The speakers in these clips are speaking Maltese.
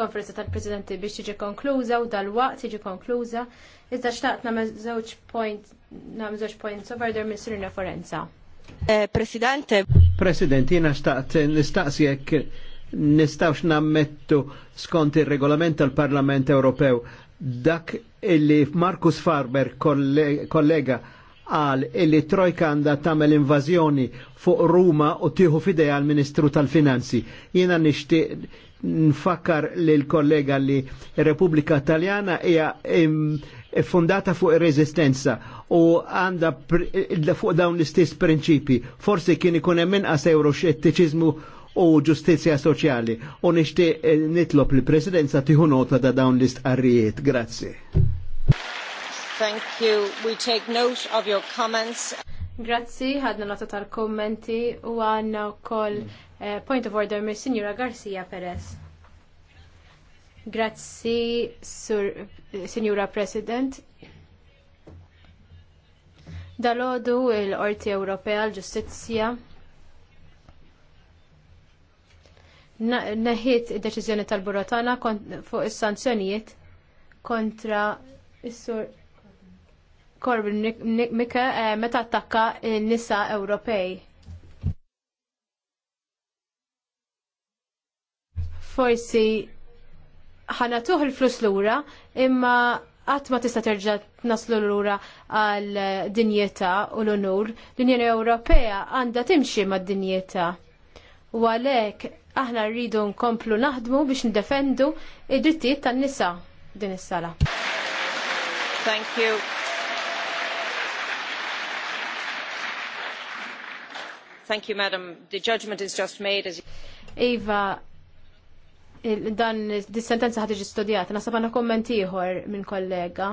konferenza tal-Presidenti biex tiġi konkluża u dal-waqt tiġi konkluża. Iżda xtaqt nagħmel point nagħmel points of order minn Forenza. Eh, Presidente. President, xtaqt nistaqsi jekk nistawx nammettu skont ir-regolament tal-Parlament Ewropew dak illi Markus Farber kollega għal illi trojka għanda tamel invażjoni fuq Ruma u tieħu fidej għal Ministru tal-Finanzi. Jiena nixtieq nfakkar l kollega li Repubblika Taljana hija fundata fuq ir-reżistenza u għanda fuq dawn l-istess prinċipi. Forsi kien ikun hemm inqas euroxettiċiżmu u ġustizja soċjali u nixtieq nitlob l presidenza tieħu nota da dawn l-istqarrijiet. Grazzi. Thank you. We take note of your comments. Grazzi, ħadna nota tal-kommenti u għanna u koll eh, point of order mir Signora Garcia Perez. Grazzi, sur, eh, Signora President. Dalodu il-Orti Ewropea l-Ġustizzja neħiet id-deċiżjoni tal-Burotana fuq is-sanzjonijiet kontra is-sur Corbin, Mika eh, meta attakka n-nisa Ewropej. Forsi ħanatuħ il-flus lura, imma għat ma tista terġa naslu l-ura għal dinjeta u l-onur, l-Unjoni Ewropea għanda timxi ma dinjeta. U għalek aħna rridu nkomplu naħdmu biex ndefendu id-drittijiet tan-nisa din is-sala. Thank you. thank you, madam. The judgment is just made as... Iva, dan dis-sentenza ħat iġi studjata, nasab għanna kommenti ieħor minn kollega.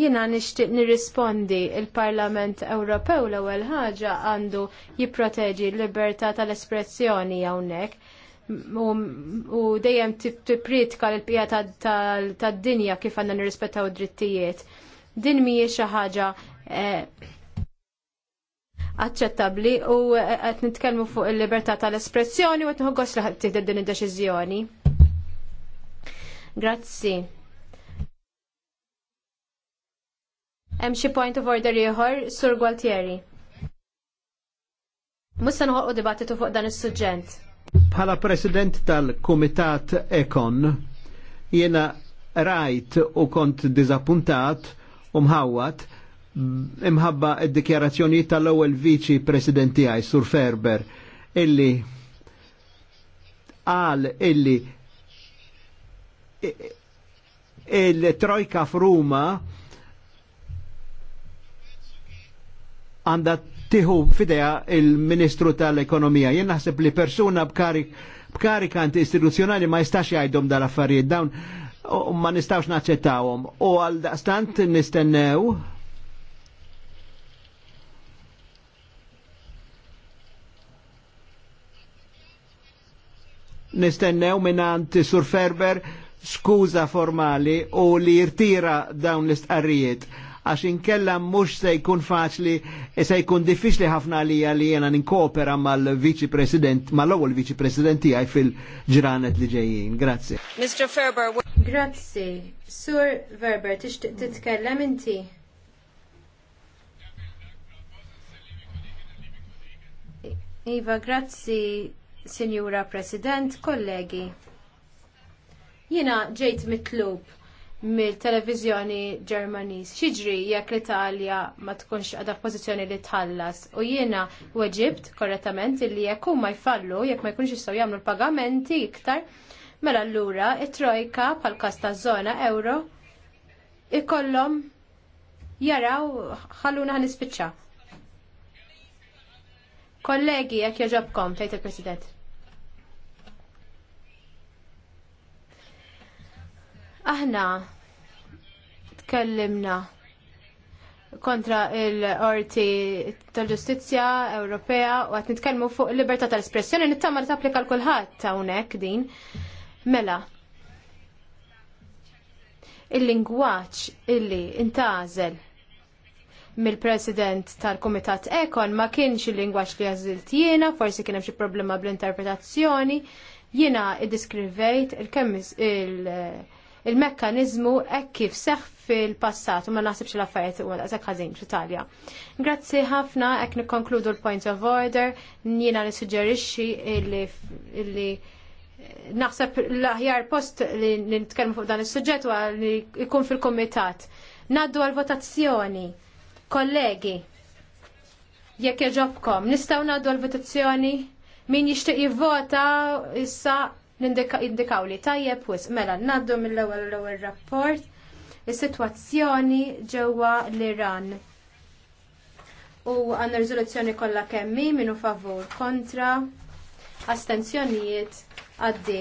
Jina nixtieq nirrispondi il-Parlament Ewropew l-ewwel ħaġa għandu jipproteġi l-libertà tal-espressjoni hawnhekk u dejjem tippritka l pjata tad-dinja kif għandna nirrispettaw id-drittijiet din mija xi ħaġa eh, aċċettabbli u eh, qed nitkellmu fuq il-libertà tal-espressjoni u qed nħoggos li tieħdem din id-deċiżjoni. Grazzi. Hemm xi point of order ieħor, Sur Gualtieri. se noħolqu dibattitu fuq dan is-suġġent. Bħala President tal-Kumitat Ekon, jiena rajt u kont diżappuntat umħawat mm, imħabba id-dikjarazzjoni tal-ewwel viċi president tiegħi Sur Ferber illi qal illi il-trojka f'Ruma għandha tiħu fideja il-Ministru tal-Ekonomija. Jien naħseb li persuna b'karik b'karikanti istituzzjonali ma jistax jgħidhom dal-affarijiet dawn u ma nistawx naċċettawhom. U għal daqstant nistennew nistennew minnant Sur Ferber skuza formali u li jirtira dawn l-istqarrijiet għax inkella mux se jkun faċli e se jkun diffiċli ħafna li li jena ninkopera mal-Viċi President, mal-ewwel Viċi President tiegħi fil-ġranet li ġejjin. Grazie. Mr. Ferber, Grazzi. Sur Verber, tixtieq titkellem inti? Iva, grazzi, Sinjura President, kollegi. Jiena ġejt mitlub mill-televizjoni Ġermaniż. Xiġri jekk l-Italja ma tkunx għadha f'pożizzjoni li tħallas u jiena weġibt korrettament illi jekk huma jfallu jekk ma jkunx jistgħu jagħmlu l-pagamenti iktar Mela allura it-trojka pal kasta zona euro ikollhom jaraw ħalluna ispicċa. Kollegi, jekk joġobkom, tgħid il-President. Aħna tkellimna kontra il-orti tal-ġustizja Ewropea u għat nitkellmu fuq libertà tal-espressjoni nittama li tapplika l-kulħadd hawnhekk din. Mela, il-lingwaċ illi intazel mill-president tal-Komitat Ekon ma kienx il-lingwaċ li għazilt jiena, forsi kien hemm xi problema bl-interpretazzjoni, jiena iddiskrivejt il-mekkanizmu hekk kif seħħ fil-passat u ma naħsibx l-affarijiet u daqshekk ħażin fl-Italja. Grazzi ħafna hekk nikkonkludu l-point of order, jiena nissuġġerixxi illi naħseb l-aħjar post li nitkellmu fuq dan is-suġġett wa li jkun fil-kumitat. Naddu għal-votazzjoni. Kollegi, jekk jaġobkom, nistgħu naddu għal-votazzjoni? Min jixtieq jivvota issa nindikaw li tajjeb wis mela naddu mill-ewwel l-ewwel rapport is-sitwazzjoni ġewwa l-Iran. U għandna riżoluzzjoni kollha kemm min minu favur kontra astenzjonijiet għaddiet.